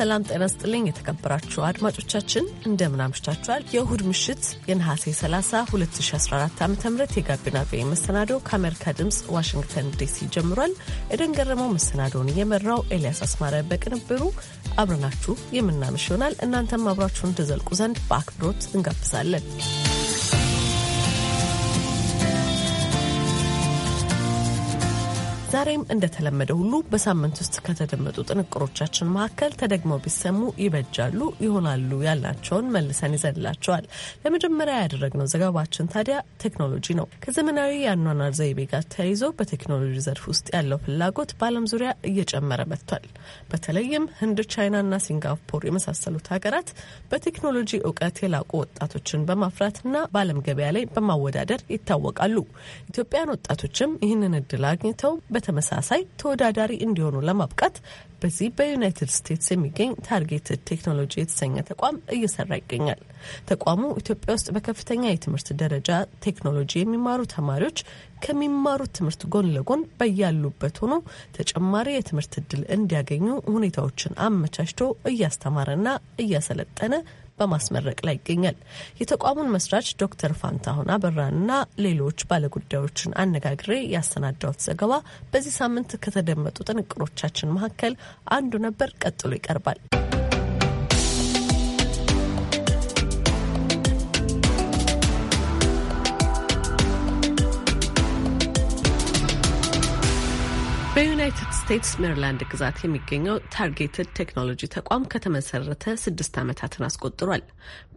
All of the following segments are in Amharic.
ሰላም ጤና ስጥልኝ። የተከበራችሁ አድማጮቻችን እንደምን አምሽታችኋል? የእሁድ ምሽት የነሐሴ 30 2014 ዓ ም የጋቢና ቤ መሰናዶ ከአሜሪካ ድምፅ ዋሽንግተን ዲሲ ጀምሯል። ኤደን ገረመው መሰናዶውን እየመራው፣ ኤልያስ አስማረ በቅንብሩ አብረናችሁ የምናምሽ ይሆናል። እናንተም አብራችሁን ትዘልቁ ዘንድ በአክብሮት እንጋብዛለን። ዛሬም እንደተለመደ ሁሉ በሳምንት ውስጥ ከተደመጡ ጥንቅሮቻችን መካከል ተደግመው ቢሰሙ ይበጃሉ ይሆናሉ ያልናቸውን መልሰን ይዘንላቸዋል። ለመጀመሪያ ያደረግነው ዘገባችን ታዲያ ቴክኖሎጂ ነው። ከዘመናዊ የአኗኗር ዘይቤ ጋር ተያይዞ በቴክኖሎጂ ዘርፍ ውስጥ ያለው ፍላጎት በዓለም ዙሪያ እየጨመረ መጥቷል። በተለይም ህንድ፣ ቻይናና ሲንጋፖር የመሳሰሉት ሀገራት በቴክኖሎጂ እውቀት የላቁ ወጣቶችን በማፍራትና በዓለም ገበያ ላይ በማወዳደር ይታወቃሉ። ኢትዮጵያን ወጣቶችም ይህንን እድል አግኝተው በተመሳሳይ ተወዳዳሪ እንዲሆኑ ለማብቃት በዚህ በዩናይትድ ስቴትስ የሚገኝ ታርጌትድ ቴክኖሎጂ የተሰኘ ተቋም እየሰራ ይገኛል። ተቋሙ ኢትዮጵያ ውስጥ በከፍተኛ የትምህርት ደረጃ ቴክኖሎጂ የሚማሩ ተማሪዎች ከሚማሩት ትምህርት ጎን ለጎን በያሉበት ሆኖ ተጨማሪ የትምህርት እድል እንዲያገኙ ሁኔታዎችን አመቻችቶ እያስተማረና እያሰለጠነ በማስመረቅ ላይ ይገኛል። የተቋሙን መስራች ዶክተር ፋንታሁን አበራንና ሌሎች ባለጉዳዮችን አነጋግሬ ያሰናዳሁት ዘገባ በዚህ ሳምንት ከተደመጡ ጥንቅሮቻችን መካከል አንዱ ነበር። ቀጥሎ ይቀርባል። በዩናይትድ ስቴትስ ሜሪላንድ ግዛት የሚገኘው ታርጌትድ ቴክኖሎጂ ተቋም ከተመሰረተ ስድስት ዓመታትን አስቆጥሯል።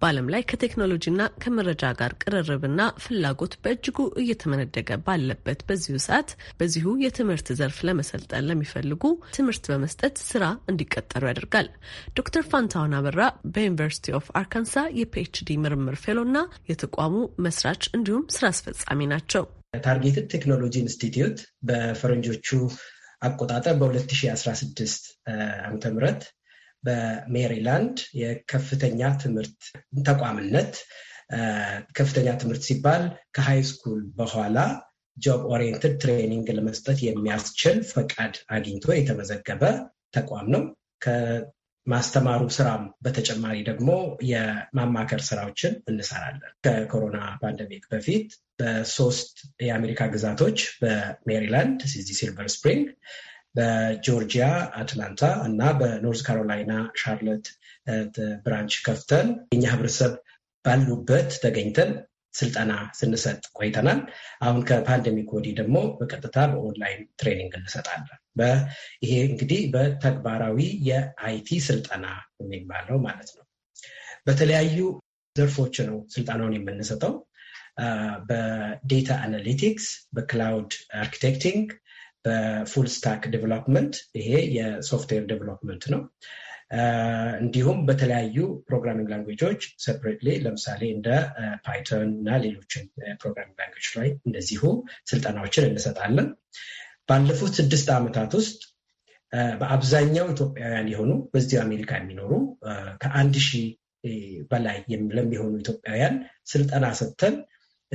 በዓለም ላይ ከቴክኖሎጂና ከመረጃ ጋር ቅርርብና ፍላጎት በእጅጉ እየተመነደገ ባለበት በዚሁ ሰዓት በዚሁ የትምህርት ዘርፍ ለመሰልጠን ለሚፈልጉ ትምህርት በመስጠት ስራ እንዲቀጠሩ ያደርጋል። ዶክተር ፋንታሁን አበራ በዩኒቨርሲቲ ኦፍ አርካንሳ የፒኤችዲ ምርምር ፌሎና የተቋሙ መስራች እንዲሁም ስራ አስፈጻሚ ናቸው። ታርጌትድ ቴክኖሎጂ ኢንስቲትዩት በፈረንጆቹ አቆጣጠር በ2016 ዓ.ም በሜሪላንድ የከፍተኛ ትምህርት ተቋምነት ከፍተኛ ትምህርት ሲባል ከሃይ ስኩል በኋላ ጆብ ኦሪየንትድ ትሬኒንግ ለመስጠት የሚያስችል ፈቃድ አግኝቶ የተመዘገበ ተቋም ነው። ማስተማሩ ስራም በተጨማሪ ደግሞ የማማከር ስራዎችን እንሰራለን። ከኮሮና ፓንደሚክ በፊት በሶስት የአሜሪካ ግዛቶች በሜሪላንድ ሲዚ ሲልቨር ስፕሪንግ፣ በጆርጂያ አትላንታ እና በኖርዝ ካሮላይና ሻርለት ብራንች ከፍተን የኛ ህብረተሰብ ባሉበት ተገኝተን ስልጠና ስንሰጥ ቆይተናል። አሁን ከፓንደሚክ ወዲህ ደግሞ በቀጥታ በኦንላይን ትሬኒንግ እንሰጣለን። ይሄ እንግዲህ በተግባራዊ የአይቲ ስልጠና የሚባለው ማለት ነው። በተለያዩ ዘርፎች ነው ስልጠናውን የምንሰጠው። በዴታ አናሊቲክስ፣ በክላውድ አርኪቴክቲንግ፣ በፉል ስታክ ዴቨሎፕመንት ይሄ የሶፍትዌር ዴቨሎፕመንት ነው። እንዲሁም በተለያዩ ፕሮግራሚንግ ላንጉጆች ሰፕሬትሊ ለምሳሌ እንደ ፓይተን እና ሌሎችን ፕሮግራሚንግ ላንጉጅ ላይ እንደዚሁ ስልጠናዎችን እንሰጣለን። ባለፉት ስድስት ዓመታት ውስጥ በአብዛኛው ኢትዮጵያውያን የሆኑ በዚሁ አሜሪካ የሚኖሩ ከአንድ ሺህ በላይ ለሚሆኑ ኢትዮጵያውያን ስልጠና ሰጥተን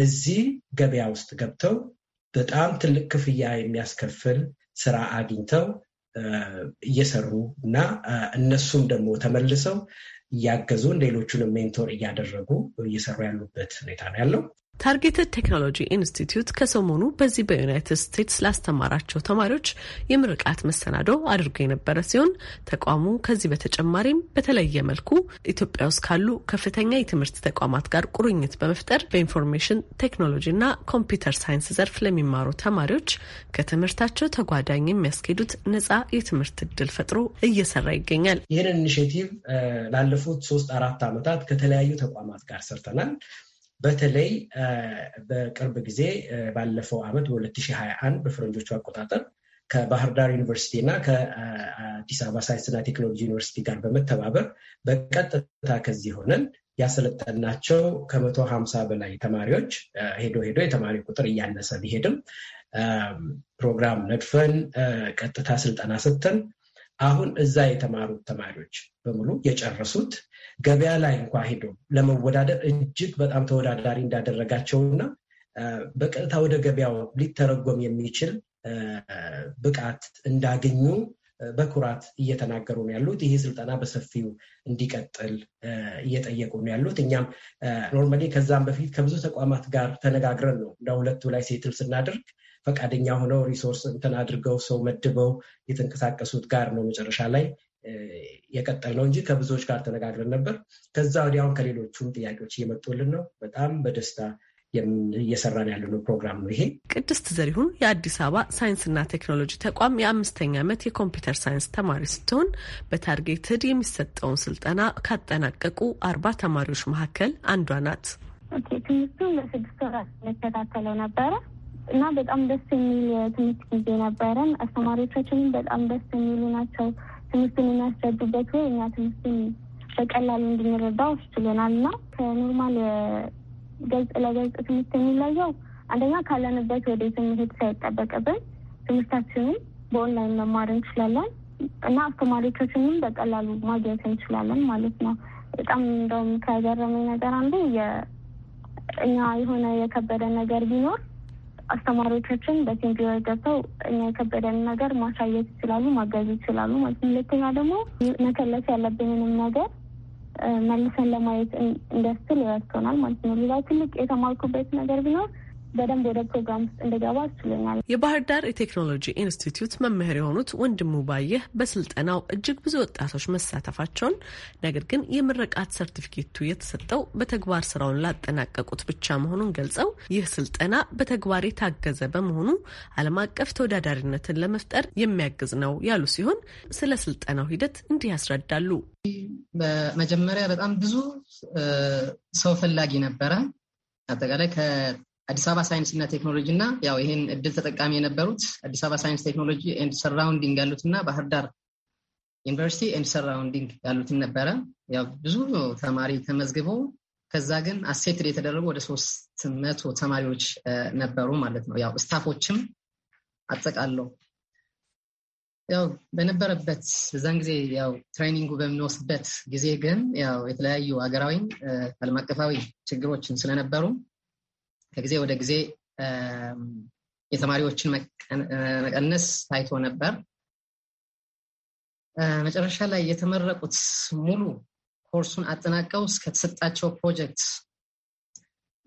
እዚህ ገበያ ውስጥ ገብተው በጣም ትልቅ ክፍያ የሚያስከፍል ስራ አግኝተው እየሰሩ እና እነሱም ደግሞ ተመልሰው እያገዙን ሌሎቹንም ሜንቶር እያደረጉ እየሰሩ ያሉበት ሁኔታ ነው ያለው። ታርጌትድ ቴክኖሎጂ ኢንስቲትዩት ከሰሞኑ በዚህ በዩናይትድ ስቴትስ ላስተማራቸው ተማሪዎች የምርቃት መሰናዶ አድርጎ የነበረ ሲሆን ተቋሙ ከዚህ በተጨማሪም በተለየ መልኩ ኢትዮጵያ ውስጥ ካሉ ከፍተኛ የትምህርት ተቋማት ጋር ቁርኝት በመፍጠር በኢንፎርሜሽን ቴክኖሎጂ እና ኮምፒውተር ሳይንስ ዘርፍ ለሚማሩ ተማሪዎች ከትምህርታቸው ተጓዳኝ የሚያስኬዱት ነጻ የትምህርት እድል ፈጥሮ እየሰራ ይገኛል። ይህን ኢኒሽቲቭ ላለፉት ሶስት አራት ዓመታት ከተለያዩ ተቋማት ጋር ሰርተናል። በተለይ በቅርብ ጊዜ ባለፈው ዓመት በ2021 በፈረንጆቹ አቆጣጠር ከባህር ዳር ዩኒቨርሲቲ እና ከአዲስ አበባ ሳይንስና ቴክኖሎጂ ዩኒቨርሲቲ ጋር በመተባበር በቀጥታ ከዚህ ሆነን ያሰለጠናቸው ከመቶ ሀምሳ በላይ ተማሪዎች ሄዶ ሄዶ የተማሪ ቁጥር እያነሰ ቢሄድም ፕሮግራም ነድፈን ቀጥታ ስልጠና ሰጥተን አሁን እዛ የተማሩት ተማሪዎች በሙሉ የጨረሱት ገበያ ላይ እንኳ ሄዶ ለመወዳደር እጅግ በጣም ተወዳዳሪ እንዳደረጋቸውና በቀጥታ ወደ ገበያው ሊተረጎም የሚችል ብቃት እንዳገኙ በኩራት እየተናገሩ ነው ያሉት። ይህ ስልጠና በሰፊው እንዲቀጥል እየጠየቁ ነው ያሉት። እኛም ኖርማሊ ከዛም በፊት ከብዙ ተቋማት ጋር ተነጋግረን ነው እንደ ሁለቱ ላይ ሴትል ስናደርግ ፈቃደኛ ሆነው ሪሶርስ እንትን አድርገው ሰው መድበው የተንቀሳቀሱት ጋር ነው መጨረሻ ላይ የቀጠል ነው እንጂ ከብዙዎች ጋር ተነጋግረን ነበር። ከዛ ወዲያውን ከሌሎቹም ጥያቄዎች እየመጡልን ነው። በጣም በደስታ እየሰራን ያለነው ፕሮግራም ነው ይሄ። ቅድስት ዘሪሁን የአዲስ አበባ ሳይንስና ቴክኖሎጂ ተቋም የአምስተኛ ዓመት የኮምፒውተር ሳይንስ ተማሪ ስትሆን በታርጌትድ የሚሰጠውን ስልጠና ካጠናቀቁ አርባ ተማሪዎች መካከል አንዷ ናት። ትምህርቱን ለስድስት ወራት እንከታተለው ነበረ። እና በጣም ደስ የሚል የትምህርት ጊዜ ነበረን። አስተማሪዎቻችንም በጣም ደስ የሚሉ ናቸው። ትምህርትን የሚያስረዱበት ወይ እኛ ትምህርትን በቀላሉ እንድንረዳው አስችሎናል እና ከኖርማል ገጽ ለገጽ ትምህርት የሚለየው አንደኛ ካለንበት ወደ ትምህርት ሳይጠበቅብን ትምህርታችንን በኦንላይን መማር እንችላለን እና አስተማሪዎቻችንም በቀላሉ ማግኘት እንችላለን ማለት ነው። በጣም እንደውም ከገረመኝ ነገር አንዱ እኛ የሆነ የከበደ ነገር ቢኖር አስተማሪዎቻችን በሴንት ገብተው እኛ የከበደን ነገር ማሳየት ይችላሉ፣ ማገዝ ይችላሉ ማለት ነው። ሁለተኛ ደግሞ መከለስ ያለብንንም ነገር መልሰን ለማየት እንደስችል ይረድቶናል ማለት ነው። ሌላ ትልቅ የተማርኩበት ነገር ቢኖር በደንብ ወደ ፕሮግራም ውስጥ እንደገባ አስችሎኛል። የባህር ዳር የቴክኖሎጂ ኢንስቲትዩት መምህር የሆኑት ወንድሙ ባየህ በስልጠናው እጅግ ብዙ ወጣቶች መሳተፋቸውን፣ ነገር ግን የምረቃት ሰርቲፊኬቱ የተሰጠው በተግባር ስራውን ላጠናቀቁት ብቻ መሆኑን ገልጸው ይህ ስልጠና በተግባር የታገዘ በመሆኑ ዓለም አቀፍ ተወዳዳሪነትን ለመፍጠር የሚያግዝ ነው ያሉ ሲሆን ስለ ስልጠናው ሂደት እንዲህ ያስረዳሉ። በመጀመሪያ በጣም ብዙ ሰው ፈላጊ ነበረ። አጠቃላይ አዲስ አበባ ሳይንስና ቴክኖሎጂ እና ያው ይህን እድል ተጠቃሚ የነበሩት አዲስ አበባ ሳይንስ ቴክኖሎጂ ኤንድ ሰራውንዲንግ ያሉት እና ባህር ዳር ዩኒቨርሲቲ ኤንድ ሰራውንዲንግ ያሉትን ነበረ። ያው ብዙ ተማሪ ተመዝግቦ ከዛ ግን አሴትድ የተደረጉ ወደ ሶስት መቶ ተማሪዎች ነበሩ ማለት ነው። ያው ስታፎችም አጠቃለው ያው በነበረበት እዛን ጊዜ ያው ትሬኒንጉ በምንወስድበት ጊዜ ግን ያው የተለያዩ ሀገራዊ ዓለም አቀፋዊ ችግሮችን ስለነበሩ ከጊዜ ወደ ጊዜ የተማሪዎችን መቀነስ ታይቶ ነበር። መጨረሻ ላይ የተመረቁት ሙሉ ኮርሱን አጠናቀው እስከተሰጣቸው ፕሮጀክት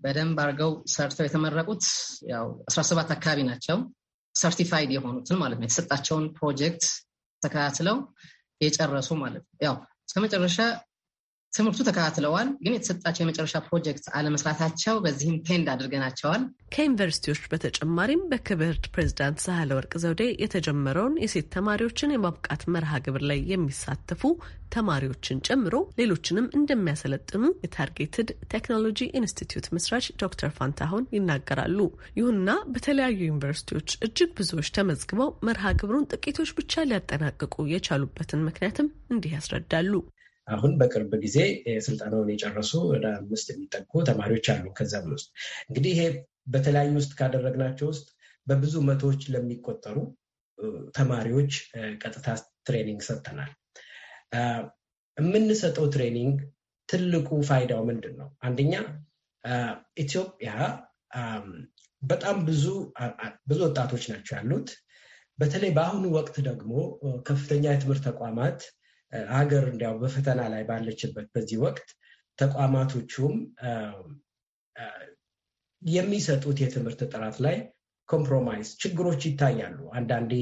በደንብ አድርገው ሰርተው የተመረቁት ያው ሰባት አካባቢ ናቸው። ሰርቲፋይድ የሆኑትን ማለት ነው። የተሰጣቸውን ፕሮጀክት ተከታትለው የጨረሱ ማለት ነው። ያው መጨረሻ ትምህርቱ ተከታትለዋል። ግን የተሰጣቸው የመጨረሻ ፕሮጀክት አለመስራታቸው በዚህም ፔንድ አድርገናቸዋል። ከዩኒቨርሲቲዎች በተጨማሪም በክብርት ፕሬዚዳንት ሳህለ ወርቅ ዘውዴ የተጀመረውን የሴት ተማሪዎችን የማብቃት መርሃ ግብር ላይ የሚሳተፉ ተማሪዎችን ጨምሮ ሌሎችንም እንደሚያሰለጥኑ የታርጌትድ ቴክኖሎጂ ኢንስቲትዩት መስራች ዶክተር ፋንታሁን ይናገራሉ። ይሁንና በተለያዩ ዩኒቨርሲቲዎች እጅግ ብዙዎች ተመዝግበው መርሃ ግብሩን ጥቂቶች ብቻ ሊያጠናቅቁ የቻሉበትን ምክንያትም እንዲህ ያስረዳሉ። አሁን በቅርብ ጊዜ ስልጠናውን የጨረሱ ወደ አምስት የሚጠጉ ተማሪዎች አሉ። ከዛም ውስጥ እንግዲህ ይሄ በተለያዩ ውስጥ ካደረግናቸው ውስጥ በብዙ መቶዎች ለሚቆጠሩ ተማሪዎች ቀጥታ ትሬኒንግ ሰጥተናል። የምንሰጠው ትሬኒንግ ትልቁ ፋይዳው ምንድን ነው? አንደኛ ኢትዮጵያ በጣም ብዙ ብዙ ወጣቶች ናቸው ያሉት። በተለይ በአሁኑ ወቅት ደግሞ ከፍተኛ የትምህርት ተቋማት ሀገር እንዲያው በፈተና ላይ ባለችበት በዚህ ወቅት ተቋማቶቹም የሚሰጡት የትምህርት ጥራት ላይ ኮምፕሮማይዝ ችግሮች ይታያሉ። አንዳንዴ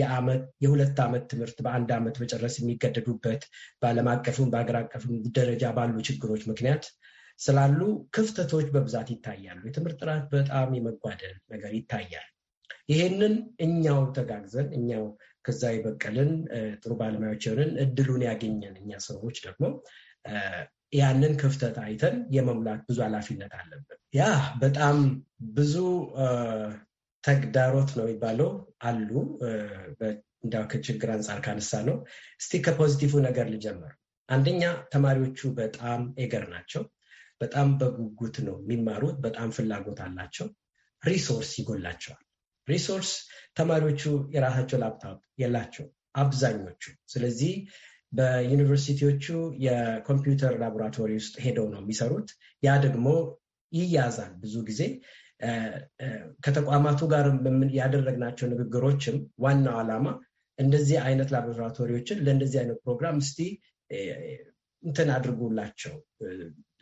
የአመት የሁለት ዓመት ትምህርት በአንድ ዓመት መጨረስ የሚገደዱበት በዓለም አቀፍም በሀገር አቀፍም ደረጃ ባሉ ችግሮች ምክንያት ስላሉ ክፍተቶች በብዛት ይታያሉ። የትምህርት ጥራት በጣም የመጓደል ነገር ይታያል። ይሄንን እኛው ተጋግዘን እኛው ከዛ የበቀልን ጥሩ ባለሙያዎች የሆንን እድሉን ያገኘን እኛ ሰዎች ደግሞ ያንን ክፍተት አይተን የመሙላት ብዙ ኃላፊነት አለብን። ያ በጣም ብዙ ተግዳሮት ነው የሚባለው አሉ። እንዲያው ከችግር አንጻር ካነሳ ነው። እስቲ ከፖዚቲቭ ነገር ልጀምር። አንደኛ ተማሪዎቹ በጣም ኤገር ናቸው። በጣም በጉጉት ነው የሚማሩት። በጣም ፍላጎት አላቸው። ሪሶርስ ይጎላቸዋል። ሪሶርስ ተማሪዎቹ የራሳቸው ላፕታፕ የላቸው አብዛኞቹ። ስለዚህ በዩኒቨርሲቲዎቹ የኮምፒውተር ላቦራቶሪ ውስጥ ሄደው ነው የሚሰሩት። ያ ደግሞ ይያዛል ብዙ ጊዜ ከተቋማቱ ጋር ያደረግናቸው ንግግሮችም ዋናው ዓላማ እንደዚህ አይነት ላቦራቶሪዎችን ለእንደዚህ አይነት ፕሮግራም እስቲ እንትን አድርጉላቸው፣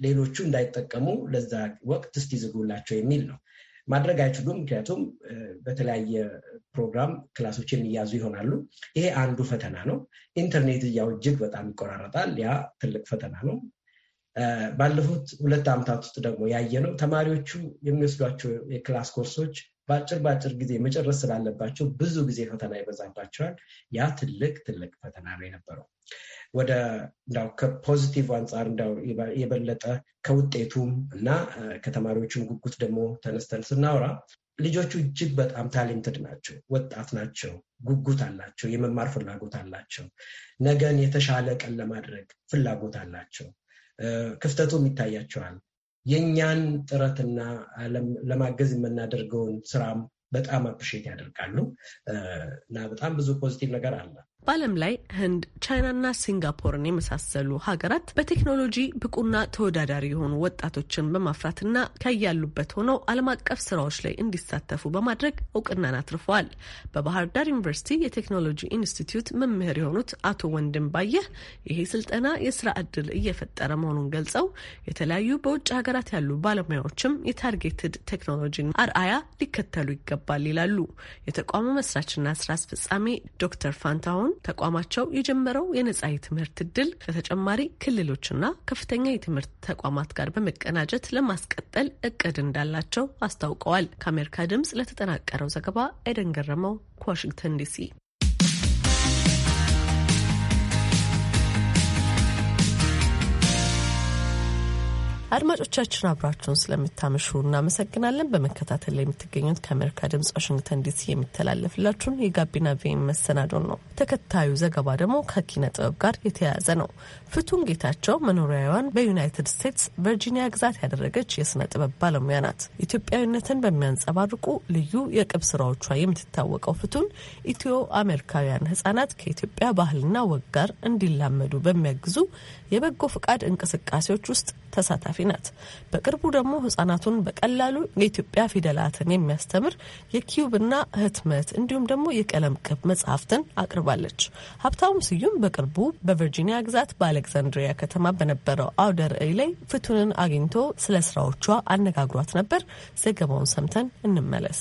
ሌሎቹ እንዳይጠቀሙ ለዛ ወቅት እስቲ ዝጉላቸው የሚል ነው። ማድረግ አይችሉም። ምክንያቱም በተለያየ ፕሮግራም ክላሶችን እያዙ ይሆናሉ። ይሄ አንዱ ፈተና ነው። ኢንተርኔት እያው እጅግ በጣም ይቆራረጣል። ያ ትልቅ ፈተና ነው። ባለፉት ሁለት ዓመታት ውስጥ ደግሞ ያየ ነው። ተማሪዎቹ የሚወስዷቸው የክላስ ኮርሶች በአጭር በአጭር ጊዜ መጨረስ ስላለባቸው ብዙ ጊዜ ፈተና ይበዛባቸዋል። ያ ትልቅ ትልቅ ፈተና ነው የነበረው። ወደ እንዳው ከፖዚቲቭ አንጻር እንዳው የበለጠ ከውጤቱም እና ከተማሪዎቹም ጉጉት ደግሞ ተነስተን ስናወራ ልጆቹ እጅግ በጣም ታሌንትድ ናቸው፣ ወጣት ናቸው፣ ጉጉት አላቸው፣ የመማር ፍላጎት አላቸው፣ ነገን የተሻለ ቀን ለማድረግ ፍላጎት አላቸው። ክፍተቱም ይታያቸዋል። የእኛን ጥረትና ለማገዝ የምናደርገውን ስራም በጣም አፕሪሼት ያደርጋሉ እና በጣም ብዙ ፖዚቲቭ ነገር አለ። በዓለም ላይ ህንድ፣ ቻይናና ሲንጋፖርን የመሳሰሉ ሀገራት በቴክኖሎጂ ብቁና ተወዳዳሪ የሆኑ ወጣቶችን በማፍራትና ከያሉበት ሆነው ዓለም አቀፍ ስራዎች ላይ እንዲሳተፉ በማድረግ እውቅናን አትርፈዋል። በባህር ዳር ዩኒቨርሲቲ የቴክኖሎጂ ኢንስቲትዩት መምህር የሆኑት አቶ ወንድም ባየህ ይሄ ስልጠና የስራ እድል እየፈጠረ መሆኑን ገልጸው የተለያዩ በውጭ ሀገራት ያሉ ባለሙያዎችም የታርጌትድ ቴክኖሎጂን አርአያ ሊከተሉ ይገባል ይላሉ። የተቋሙ መስራችና ስራ አስፈጻሚ ዶክተር ፋንታሁን ተቋማቸው የጀመረው የነጻ የትምህርት እድል በተጨማሪ ክልሎችና ከፍተኛ የትምህርት ተቋማት ጋር በመቀናጀት ለማስቀጠል እቅድ እንዳላቸው አስታውቀዋል። ከአሜሪካ ድምጽ ለተጠናቀረው ዘገባ ኤደን ገረመው ከዋሽንግተን ዲሲ አድማጮቻችን አብራችሁን ስለምታመሹ እናመሰግናለን። በመከታተል ላይ የምትገኙት ከአሜሪካ ድምጽ ዋሽንግተን ዲሲ የሚተላለፍላችሁን የጋቢና ቪኦኤ መሰናዶን ነው። ተከታዩ ዘገባ ደግሞ ከኪነ ጥበብ ጋር የተያያዘ ነው። ፍቱን ጌታቸው መኖሪያዋን በዩናይትድ ስቴትስ ቨርጂኒያ ግዛት ያደረገች የስነ ጥበብ ባለሙያ ናት። ኢትዮጵያዊነትን በሚያንጸባርቁ ልዩ የቅብ ስራዎቿ የምትታወቀው ፍቱን ኢትዮ አሜሪካውያን ህጻናት ከኢትዮጵያ ባህልና ወግ ጋር እንዲላመዱ በሚያግዙ የበጎ ፍቃድ እንቅስቃሴዎች ውስጥ ተሳታፊ ናት። በቅርቡ ደግሞ ህጻናቱን በቀላሉ የኢትዮጵያ ፊደላትን የሚያስተምር የኪዩብና ህትመት እንዲሁም ደግሞ የቀለም ቅብ መጽሐፍትን አቅርባለች። ሀብታሙ ስዩም በቅርቡ በቨርጂኒያ ግዛት በአሌክዛንድሪያ ከተማ በነበረው አውደ ርዕይ ላይ ፍቱንን አግኝቶ ስለ ስራዎቿ አነጋግሯት ነበር። ዘገባውን ሰምተን እንመለስ።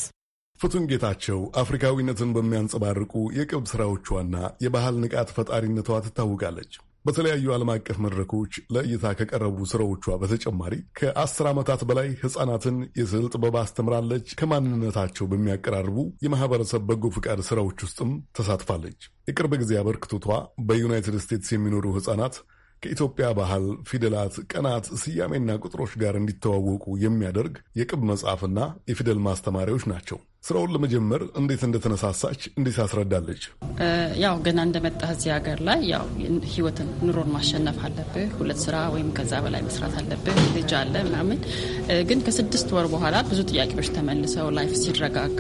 ፍቱን ጌታቸው አፍሪካዊነትን በሚያንጸባርቁ የቅብ ስራዎቿና የባህል ንቃት ፈጣሪነቷ ትታወቃለች። በተለያዩ ዓለም አቀፍ መድረኮች ለእይታ ከቀረቡ ስራዎቿ በተጨማሪ ከአስር ዓመታት በላይ ሕፃናትን የስዕል ጥበብ አስተምራለች። ከማንነታቸው በሚያቀራርቡ የማህበረሰብ በጎ ፍቃድ ስራዎች ውስጥም ተሳትፋለች። የቅርብ ጊዜ አበርክቶቷ በዩናይትድ ስቴትስ የሚኖሩ ሕፃናት ከኢትዮጵያ ባህል፣ ፊደላት፣ ቀናት፣ ስያሜና ቁጥሮች ጋር እንዲተዋወቁ የሚያደርግ የቅብ መጽሐፍና የፊደል ማስተማሪያዎች ናቸው። ስራውን ለመጀመር እንዴት እንደተነሳሳች እንዴት ያስረዳለች። ያው ገና እንደመጣህ እዚህ ሀገር ላይ ያው ህይወትን ኑሮን ማሸነፍ አለብህ። ሁለት ስራ ወይም ከዛ በላይ መስራት አለብህ። ልጅ አለ ምናምን። ግን ከስድስት ወር በኋላ ብዙ ጥያቄዎች ተመልሰው ላይፍ ሲረጋጋ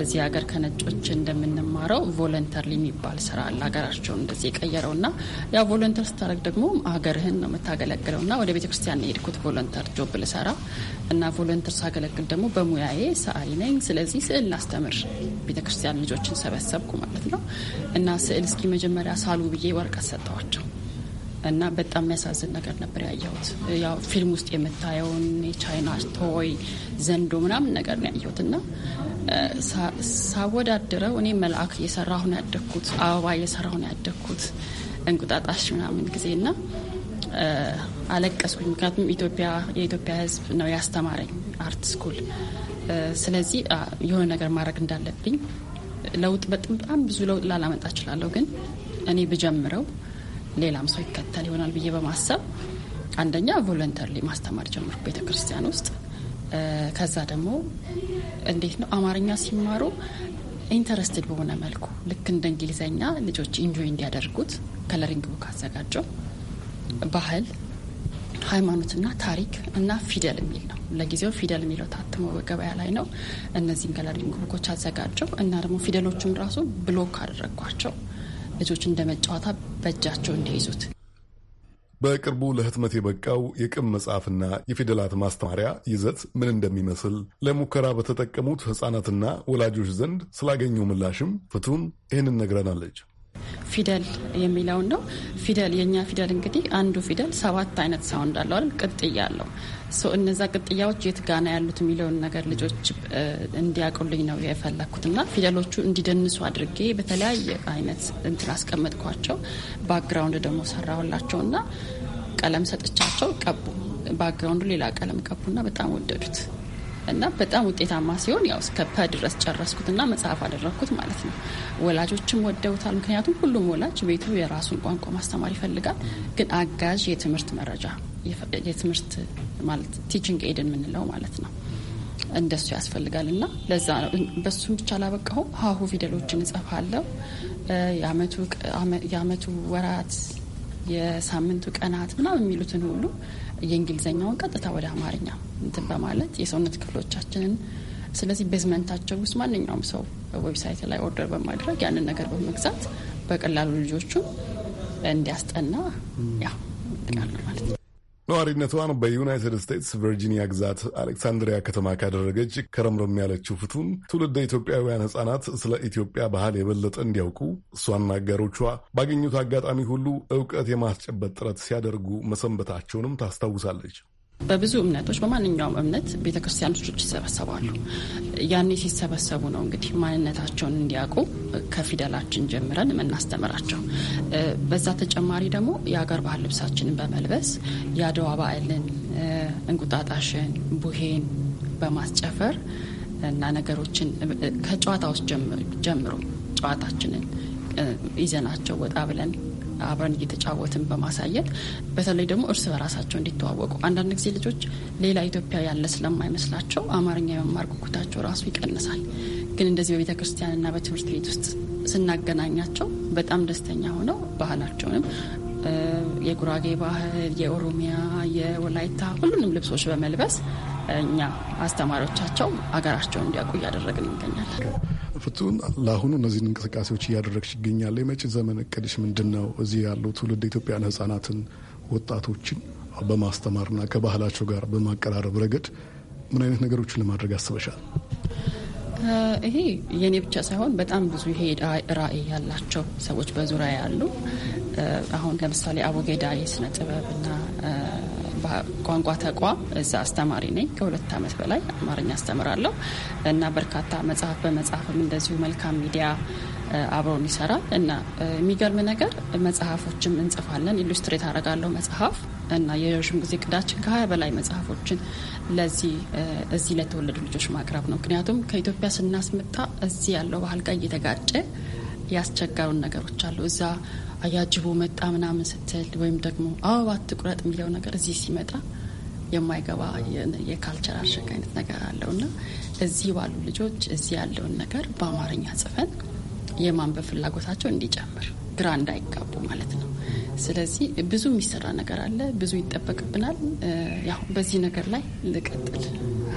እዚህ ሀገር ከነጮች እንደምንማረው ቮለንተር የሚባል ስራ አለ ሀገራቸውን እንደዚህ የቀየረው ና ያ ቮለንተር ስታደርግ ደግሞ ሀገርህን ነው የምታገለግለው ና ወደ ቤተ ክርስቲያን የሄድኩት ቮለንተር ጆብ ልሰራ እና ቮለንተር ሳገለግል ደግሞ በሙያዬ ሰአሊ ነኝ። ስለዚህ ስዕል ላስተምር ቤተ ክርስቲያን ልጆችን ሰበሰብኩ ማለት ነው እና ስዕል እስኪ መጀመሪያ ሳሉ ብዬ ወረቀት ሰጠዋቸው እና በጣም የሚያሳዝን ነገር ነበር ያየሁት። ያው ፊልም ውስጥ የምታየውን የቻይና ቶይ ዘንዶ ምናምን ነገር ነው ያየሁት እና ሳወዳድረው እኔ መልአክ እየሰራሁ ነው ያደግኩት፣ አበባ እየሰራሁ ነው ያደግኩት እንቁጣጣሽ ምናምን ጊዜ እና አለቀስኩኝ። ምክንያቱም ኢትዮጵያ የኢትዮጵያ ሕዝብ ነው ያስተማረኝ አርት ስኩል። ስለዚህ የሆነ ነገር ማድረግ እንዳለብኝ ለውጥ በጣም ብዙ ለውጥ ላላመጣ እችላለሁ፣ ግን እኔ ብጀምረው ሌላም ሰው ይከተል ይሆናል ብዬ በማሰብ አንደኛ ቮለንተሪ ማስተማር ጀምሩ ቤተ ክርስቲያን ውስጥ። ከዛ ደግሞ እንዴት ነው አማርኛ ሲማሩ ኢንተረስትድ በሆነ መልኩ ልክ እንደ እንግሊዘኛ ልጆች ኢንጆይ እንዲያደርጉት ከለሪንግ ቡክ አዘጋጀው። ባህል፣ ሃይማኖትና ታሪክ እና ፊደል የሚል ነው። ለጊዜው ፊደል የሚለው ታትሞ በገበያ ላይ ነው። እነዚህን ከለሪንግ ቡኮች አዘጋጀው እና ደግሞ ፊደሎቹም ራሱ ብሎክ አደረግኳቸው። ልጆች እንደመጫወታ በእጃቸው እንዲይዙት። በቅርቡ ለህትመት የበቃው የቅም መጽሐፍና የፊደላት ማስተማሪያ ይዘት ምን እንደሚመስል ለሙከራ በተጠቀሙት ህጻናትና ወላጆች ዘንድ ስላገኘው ምላሽም ፍቱን ይህንን ነግረናለች። ፊደል የሚለውን ነው። ፊደል የእኛ ፊደል እንግዲህ አንዱ ፊደል ሰባት አይነት ሳውንድ አለው አይደል? ቅጥያ አለው። እነዛ ቅጥያዎች የት ጋና ያሉት የሚለውን ነገር ልጆች እንዲያውቁልኝ ነው የፈለግኩት እና ፊደሎቹ እንዲደንሱ አድርጌ በተለያየ አይነት እንትን አስቀመጥኳቸው። ባክግራውንድ ደግሞ ሰራሁላቸው እና ቀለም ሰጥቻቸው ቀቡ። ባክግራውንዱ ሌላ ቀለም ቀቡና በጣም ወደዱት። እና በጣም ውጤታማ ሲሆን ያው እስከ ፐ ድረስ ጨረስኩትና መጽሐፍ አደረግኩት ማለት ነው። ወላጆችም ወደውታል። ምክንያቱም ሁሉም ወላጅ ቤቱ የራሱን ቋንቋ ማስተማር ይፈልጋል። ግን አጋዥ የትምህርት መረጃ የትምህርት ማለት ቲችንግ ኤድን የምንለው ማለት ነው እንደሱ ያስፈልጋል እና ለዛ ነው በሱም ብቻ ላበቃሁ ሀሁ ፊደሎችን እጽፋለሁ የአመቱ ወራት የሳምንቱ ቀናት ምናምን የሚሉትን ሁሉ የእንግሊዝኛውን ቀጥታ ወደ አማርኛ እንትን በማለት የሰውነት ክፍሎቻችንን ስለዚህ ቤዝመንታቸው ውስጥ ማንኛውም ሰው ዌብሳይት ላይ ኦርደር በማድረግ ያንን ነገር በመግዛት በቀላሉ ልጆቹ እንዲያስጠና ያ ማለት ነው። ነዋሪነቷን በዩናይትድ ስቴትስ ቨርጂኒያ ግዛት አሌክሳንድሪያ ከተማ ካደረገች ከረምረም ያለችው ፍቱን ትውልደ ኢትዮጵያውያን ሕጻናት ስለ ኢትዮጵያ ባህል የበለጠ እንዲያውቁ እሷና አጋሮቿ ባገኙት አጋጣሚ ሁሉ እውቀት የማስጨበጥ ጥረት ሲያደርጉ መሰንበታቸውንም ታስታውሳለች። በብዙ እምነቶች በማንኛውም እምነት ቤተ ክርስቲያን ልጆች ይሰበሰባሉ። ያኔ ሲሰበሰቡ ነው እንግዲህ ማንነታቸውን እንዲያውቁ ከፊደላችን ጀምረን የምናስተምራቸው። በዛ ተጨማሪ ደግሞ የአገር ባህል ልብሳችንን በመልበስ የአድዋ በዓልን፣ እንቁጣጣሽን፣ ቡሄን በማስጨፈር እና ነገሮችን ከጨዋታ ውስጥ ጀምሮ ጨዋታችንን ይዘናቸው ወጣ ብለን አብረን እየተጫወትን በማሳየት በተለይ ደግሞ እርስ በራሳቸው እንዲተዋወቁ አንዳንድ ጊዜ ልጆች ሌላ ኢትዮጵያ ያለ ስለማይመስላቸው አማርኛ የመማር ጉጉታቸው ራሱ ይቀንሳል። ግን እንደዚህ በቤተ ክርስቲያንና በትምህርት ቤት ውስጥ ስናገናኛቸው በጣም ደስተኛ ሆነው ባህላቸውንም የጉራጌ ባህል፣ የኦሮሚያ፣ የወላይታ ሁሉንም ልብሶች በመልበስ እኛ አስተማሪዎቻቸው አገራቸውን እንዲያውቁ እያደረግን ይገኛል። ፍቱን ለአሁኑ እነዚህን እንቅስቃሴዎች እያደረግሽ ይገኛለ። የመጪ ዘመን እቅድሽ ምንድን ነው? እዚህ ያሉ ትውልድ ኢትዮጵያን ህጻናትን፣ ወጣቶችን በማስተማርና ከባህላቸው ጋር በማቀራረብ ረገድ ምን አይነት ነገሮችን ለማድረግ አስበሻል? ይሄ የኔ ብቻ ሳይሆን በጣም ብዙ ይሄ ራዕይ ያላቸው ሰዎች በዙሪያ ያሉ አሁን ለምሳሌ አቡጌዳ የስነ ጥበብና ቋንቋ ተቋም እዛ አስተማሪ ነኝ። ከሁለት ዓመት በላይ አማርኛ አስተምራለሁ እና በርካታ መጽሐፍ በመጽሐፍም እንደዚሁ መልካም ሚዲያ አብሮን ይሰራል እና የሚገርም ነገር መጽሐፎችም እንጽፋለን። ኢሉስትሬት አረጋለሁ መጽሐፍ እና የረዥም ጊዜ ቅዳችን ከሀያ በላይ መጽሐፎችን ለዚህ እዚህ ለተወለዱ ልጆች ማቅረብ ነው። ምክንያቱም ከኢትዮጵያ ስናስመጣ እዚህ ያለው ባህል ጋር እየተጋጨ ያስቸጋሩን ነገሮች አሉ እዛ አያጅቦ መጣ ምናምን ስትል ወይም ደግሞ አበባ አትቁረጥ የሚለው ነገር እዚህ ሲመጣ የማይገባ የካልቸር አሸግ አይነት ነገር አለው እና እዚህ ባሉ ልጆች እዚህ ያለውን ነገር በአማርኛ ጽፈን የማንበብ ፍላጎታቸው እንዲጨምር ግራ እንዳይጋቡ ማለት ነው። ስለዚህ ብዙ የሚሰራ ነገር አለ፣ ብዙ ይጠበቅብናል። ያው በዚህ ነገር ላይ ልቀጥል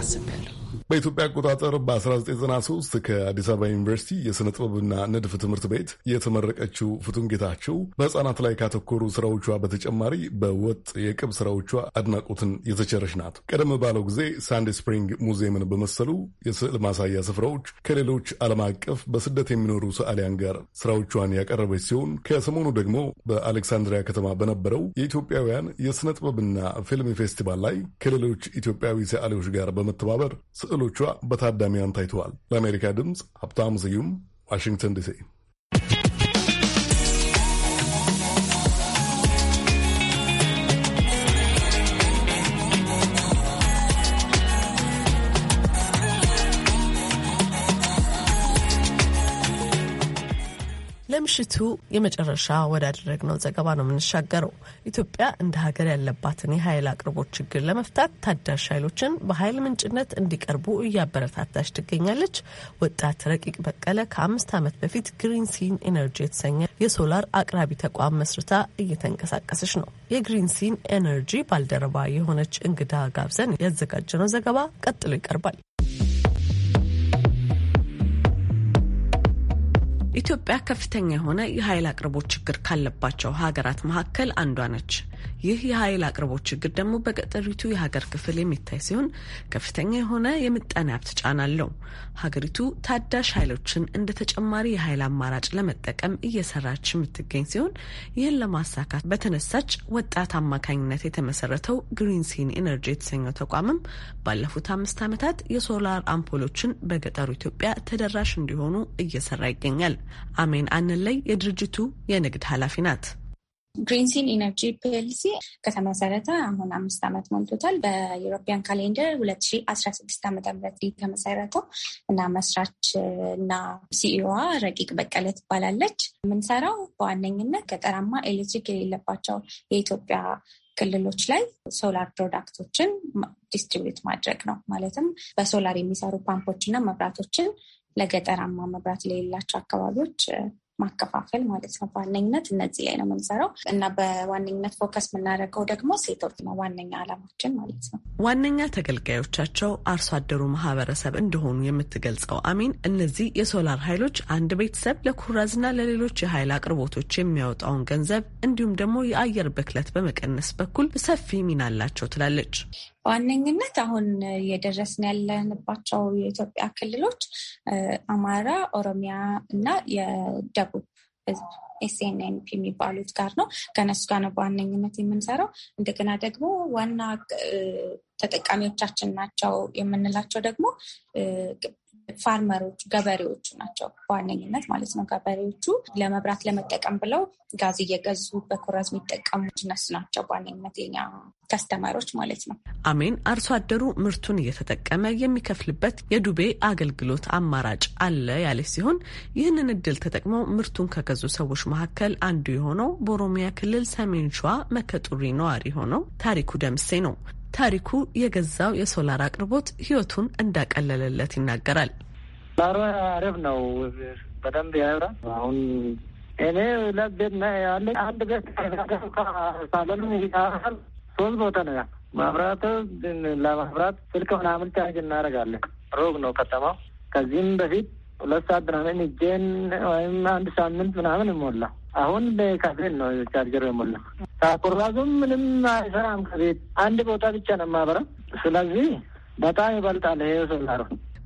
አስቤያለሁ። በኢትዮጵያ አቆጣጠር በ1993 ከአዲስ አበባ ዩኒቨርሲቲ የሥነ ጥበብና ንድፍ ትምህርት ቤት የተመረቀችው ፍቱን ጌታቸው በሕፃናት ላይ ካተኮሩ ስራዎቿ በተጨማሪ በወጥ የቅብ ስራዎቿ አድናቆትን የተቸረች ናት። ቀደም ባለው ጊዜ ሳንዲ ስፕሪንግ ሙዚየምን በመሰሉ የስዕል ማሳያ ስፍራዎች ከሌሎች ዓለም አቀፍ በስደት የሚኖሩ ሰዓሊያን ጋር ስራዎቿን ያቀረበች ሲሆን ከሰሞኑ ደግሞ በአሌክሳንድሪያ ከተማ በነበረው የኢትዮጵያውያን የሥነ ጥበብና ፊልም ፌስቲቫል ላይ ከሌሎች ኢትዮጵያዊ ሰዓሊዎች ጋር በመተባበር መቀጠሎቿ በታዳሚያን ታይተዋል። ለአሜሪካ ድምፅ ሀብታም ስዩም ዋሽንግተን ዲሲ ለምሽቱ የመጨረሻ ወዳደረግነው ዘገባ ነው የምንሻገረው። ኢትዮጵያ እንደ ሀገር ያለባትን የኃይል አቅርቦት ችግር ለመፍታት ታዳሽ ኃይሎችን በኃይል ምንጭነት እንዲቀርቡ እያበረታታች ትገኛለች። ወጣት ረቂቅ በቀለ ከአምስት ዓመት በፊት ግሪን ሲን ኤነርጂ የተሰኘ የሶላር አቅራቢ ተቋም መስርታ እየተንቀሳቀሰች ነው። የግሪን ሲን ኤነርጂ ባልደረባ የሆነች እንግዳ ጋብዘን ያዘጋጀነው ዘገባ ቀጥሎ ይቀርባል። ኢትዮጵያ ከፍተኛ የሆነ የኃይል አቅርቦት ችግር ካለባቸው ሀገራት መካከል አንዷ ነች። ይህ የኃይል አቅርቦት ችግር ደግሞ በገጠሪቱ የሀገር ክፍል የሚታይ ሲሆን ከፍተኛ የሆነ የምጣኔ ሀብት ጫና አለው። ሀገሪቱ ታዳሽ ኃይሎችን እንደ ተጨማሪ የኃይል አማራጭ ለመጠቀም እየሰራች የምትገኝ ሲሆን ይህን ለማሳካት በተነሳች ወጣት አማካኝነት የተመሰረተው ሲን ኢነርጂ የተሰኘው ተቋምም ባለፉት አምስት ዓመታት የሶላር አምፖሎችን በገጠሩ ኢትዮጵያ ተደራሽ እንዲሆኑ እየሰራ ይገኛል። አሜን አንለይ የድርጅቱ የንግድ ኃላፊ ናት። ግሪንሲን ኢነርጂ ፒኤልሲ ከተመሰረተ አሁን አምስት ዓመት ሞልቶታል። በዩሮፒያን ካሌንደር ሁለት ሺ አስራ ስድስት ዓመተ ምህረት የተመሰረተው እና መስራች እና ሲኢኦዋ ረቂቅ በቀለ ትባላለች። የምንሰራው በዋነኝነት ገጠራማ ኤሌክትሪክ የሌለባቸው የኢትዮጵያ ክልሎች ላይ ሶላር ፕሮዳክቶችን ዲስትሪቢዩት ማድረግ ነው። ማለትም በሶላር የሚሰሩ ፓምፖች እና መብራቶችን ለገጠራማ መብራት ለሌላቸው አካባቢዎች ማከፋፈል ማለት ነው። በዋነኝነት እነዚህ ላይ ነው የምንሰራው እና በዋነኝነት ፎከስ የምናደርገው ደግሞ ሴቶች ነው ዋነኛ አላማችን ማለት ነው። ዋነኛ ተገልጋዮቻቸው አርሶ አደሩ ማህበረሰብ እንደሆኑ የምትገልጸው አሚን፣ እነዚህ የሶላር ኃይሎች አንድ ቤተሰብ ለኩራዝና ለሌሎች የኃይል አቅርቦቶች የሚያወጣውን ገንዘብ እንዲሁም ደግሞ የአየር ብክለት በመቀነስ በኩል ሰፊ ሚና አላቸው ትላለች። በዋነኝነት አሁን እየደረስን ያለንባቸው የኢትዮጵያ ክልሎች አማራ፣ ኦሮሚያ እና የደቡብ ህዝብ ኤስኤንኤንፒ የሚባሉት ጋር ነው። ከነሱ ጋር ነው በዋነኝነት የምንሰራው። እንደገና ደግሞ ዋና ተጠቃሚዎቻችን ናቸው የምንላቸው ደግሞ ፋርመሮቹ ገበሬዎቹ ናቸው በዋነኝነት ማለት ነው። ገበሬዎቹ ለመብራት ለመጠቀም ብለው ጋዝ እየገዙ በኩራዝ የሚጠቀሙ እነሱ ናቸው በዋነኝነት የኛ ከስተመሮች ማለት ነው። አሜን አርሶ አደሩ ምርቱን እየተጠቀመ የሚከፍልበት የዱቤ አገልግሎት አማራጭ አለ ያለች ሲሆን ይህንን እድል ተጠቅመው ምርቱን ከገዙ ሰዎች መካከል አንዱ የሆነው በኦሮሚያ ክልል ሰሜን ሸዋ መከጡሪ ነዋሪ ሆነው ታሪኩ ደምሴ ነው። ታሪኩ የገዛው የሶላር አቅርቦት ህይወቱን እንዳቀለለለት ይናገራል። ላሮ አሪፍ ነው። በደንብ ያራ አሁን እኔ ሁለት ቤት ነው ያለ አንድ ቤት ሳለን ይል ሶስት ቦታ ነው ያለ ማብራት ለማብራት ስልክ ምናምን ቻርጅ እናደርጋለን። ሩቅ ነው ከተማው። ከዚህም በፊት ሁለት ሰዓት ምናምን እጄን ወይም አንድ ሳምንት ምናምን ይሞላ አሁን በካፌን ነው ቻርጀር የሞላ ታኩራዙም ምንም አይሰራም። ከቤት አንድ ቦታ ብቻ ነው ማበረም ስለዚህ በጣም ይበልጣል ይሄ ሶላሩ።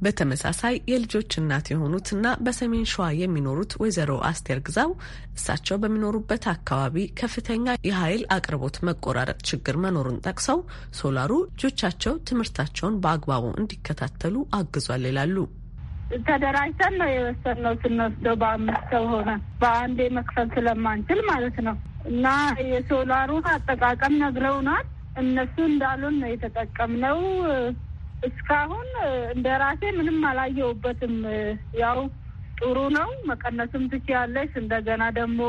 በተመሳሳይ የልጆች እናት የሆኑትና በሰሜን ሸዋ የሚኖሩት ወይዘሮ አስቴር ግዛው እሳቸው በሚኖሩበት አካባቢ ከፍተኛ የኃይል አቅርቦት መቆራረጥ ችግር መኖሩን ጠቅሰው ሶላሩ ልጆቻቸው ትምህርታቸውን በአግባቡ እንዲከታተሉ አግዟል ይላሉ። ተደራጅተን ነው የወሰንነው። ስንወስደው በአምስት ሰው ሆነ በአንዴ መክፈል ስለማንችል ማለት ነው። እና የሶላሩን አጠቃቀም ነግረውናል። እነሱ እንዳሉን ነው የተጠቀምነው። እስካሁን እንደ ራሴ ምንም አላየውበትም። ያው ጥሩ ነው። መቀነስም ትችያለሽ፣ እንደገና ደግሞ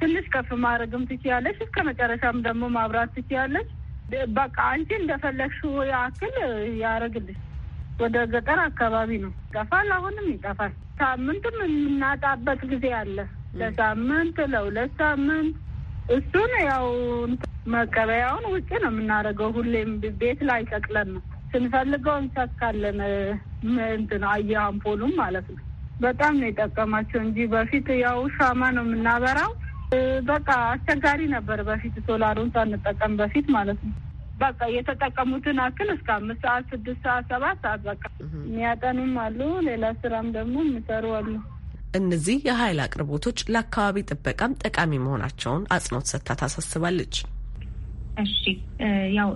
ትንሽ ከፍ ማድረግም ትችያለሽ፣ እስከ መጨረሻም ደግሞ ማብራት ትችያለሽ። በቃ አንቺ እንደፈለግሽው ያክል ያደርግልሽ። ወደ ገጠር አካባቢ ነው። ይጠፋል፣ አሁንም ይጠፋል። ሳምንትም የምናጣበት ጊዜ አለ። ለሳምንት ለሁለት ሳምንት እሱን ያው መቀበያውን ውጭ ነው የምናደርገው። ሁሌም ቤት ላይ ሰቅለን ነው ስንፈልገው እንሰካለን። እንትን አየህ አምፖሉም ማለት ነው። በጣም ነው የጠቀማቸው እንጂ በፊት ያው ሻማ ነው የምናበራው። በቃ አስቸጋሪ ነበር በፊት ሶላሩን ሳንጠቀም በፊት ማለት ነው። በቃ የተጠቀሙትን አክል እስከ አምስት ሰዓት ስድስት ሰዓት ሰባት ሰዓት በቃ የሚያጠኑም አሉ። ሌላ ስራም ደግሞ የሚሰሩ አሉ። እነዚህ የኃይል አቅርቦቶች ለአካባቢ ጥበቃም ጠቃሚ መሆናቸውን አጽንኦት ሰጥታ ታሳስባለች። እሺ ያው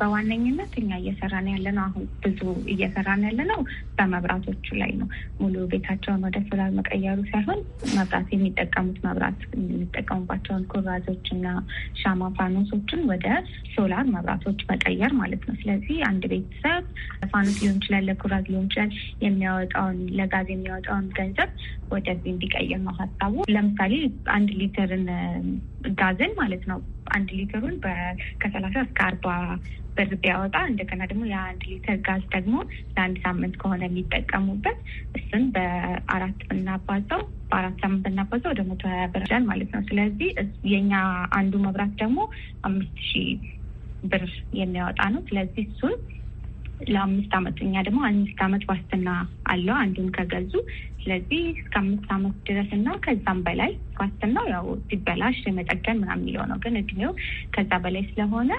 በዋነኝነት እኛ እየሰራን ያለ ነው። አሁን ብዙ እየሰራን ያለ ነው በመብራቶቹ ላይ ነው። ሙሉ ቤታቸውን ወደ ሶላር መቀየሩ ሳይሆን መብራት የሚጠቀሙት መብራት የሚጠቀሙባቸውን ኩራዞች እና ሻማ ፋኖሶችን ወደ ሶላር መብራቶች መቀየር ማለት ነው። ስለዚህ አንድ ቤተሰብ ፋኖስ ሊሆን ይችላል፣ ለኩራዝ ሊሆን ይችላል፣ የሚያወጣውን ለጋዝ የሚያወጣውን ገንዘብ ወደዚህ እንዲቀይር ነው ሀሳቡ። ለምሳሌ አንድ ሊትርን ጋዝን ማለት ነው አንድ ሊትሩን ከሰላሳ እስከ አርባ ብር ቢያወጣ እንደገና ደግሞ የአንድ ሊትር ጋዝ ደግሞ ለአንድ ሳምንት ከሆነ የሚጠቀሙበት እሱን በአራት ብናባዛው በአራት ሳምንት ብናባዛው ወደ መቶ ሀያ ብር ማለት ነው። ስለዚህ የኛ አንዱ መብራት ደግሞ አምስት ሺህ ብር የሚያወጣ ነው። ስለዚህ እሱን ለአምስት አመት እኛ ደግሞ አምስት አመት ዋስትና አለው አንዱን ከገዙ ስለዚህ እስከ አምስት አመት ድረስ እና ከዛም በላይ ዋስትናው ያው ሲበላሽ የመጠገን ምናምን የሚለው ነው። ግን እድሜው ከዛ በላይ ስለሆነ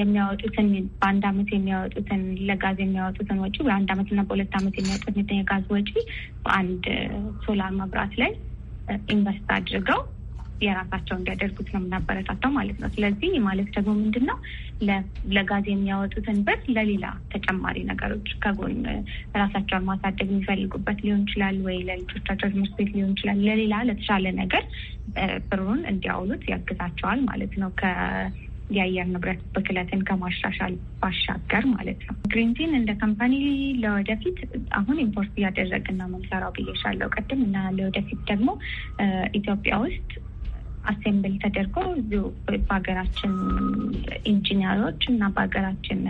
የሚያወጡትን በአንድ አመት የሚያወጡትን ለጋዝ የሚያወጡትን ወጪ በአንድ እና በሁለት አመት የሚያወጡትን የጋዝ ወጪ በአንድ ሶላር መብራት ላይ ኢንቨስት አድርገው የራሳቸው እንዲያደርጉት ነው የምናበረታታው ማለት ነው። ስለዚህ ማለት ደግሞ ምንድን ነው ለጋዝ የሚያወጡትን ብር ለሌላ ተጨማሪ ነገሮች ከጎን ራሳቸውን ማሳደግ የሚፈልጉበት ሊሆን ይችላል ወይ ለልጆቻቸው ትምህርት ቤት ሊሆን ይችላል፣ ለሌላ ለተሻለ ነገር ብሩን እንዲያውሉት ያግዛቸዋል ማለት ነው። የአየር ንብረት ብክለትን ከማሻሻል ባሻገር ማለት ነው። ግሪንቲን እንደ ካምፓኒ ለወደፊት አሁን ኢምፖርት እያደረግን ነው የምንሰራው ብዬሻለው ቅድም እና ለወደፊት ደግሞ ኢትዮጵያ ውስጥ አሴምብል ተደርጎ እዚሁ በሀገራችን ኢንጂነሮች እና በሀገራችን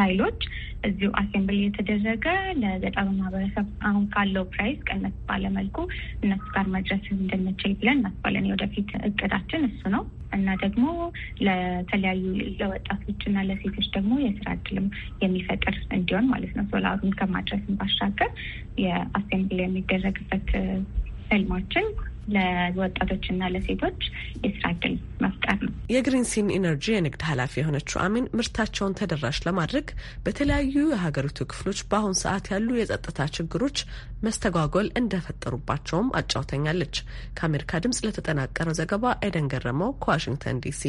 ኃይሎች እዚሁ አሴምብል የተደረገ ለገጠሩ ማህበረሰብ አሁን ካለው ፕራይስ ቀነስ ባለመልኩ እነሱ ጋር መድረስ እንድንችል ብለን እናስባለን። የወደፊት እቅዳችን እሱ ነው እና ደግሞ ለተለያዩ ለወጣቶች እና ለሴቶች ደግሞ የስራ እድልም የሚፈጥር እንዲሆን ማለት ነው። ሶላሩን ከማድረስን ባሻገር የአሴምብል የሚደረግበት ህልማችን ለወጣቶችና ለሴቶች የስራ እድል መፍጠር ነው። የግሪንሲን ኢነርጂ የንግድ ኃላፊ የሆነችው አሚን ምርታቸውን ተደራሽ ለማድረግ በተለያዩ የሀገሪቱ ክፍሎች በአሁን ሰዓት ያሉ የጸጥታ ችግሮች መስተጓጎል እንደፈጠሩባቸውም አጫውተኛለች። ከአሜሪካ ድምጽ ለተጠናቀረው ዘገባ አይደን ገረመው ከዋሽንግተን ዲሲ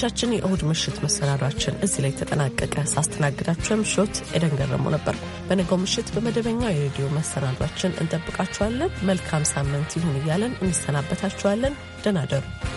አድማጮቻችን፣ የእሁድ ምሽት መሰናዷችን እዚህ ላይ ተጠናቀቀ። ሳስተናግዳችሁ ምሽት ኤደን ገረመው ነበር። በነገው ምሽት በመደበኛው የሬዲዮ መሰናዷችን እንጠብቃችኋለን። መልካም ሳምንት ይሁን እያለን እንሰናበታችኋለን። ደህና ደሩ።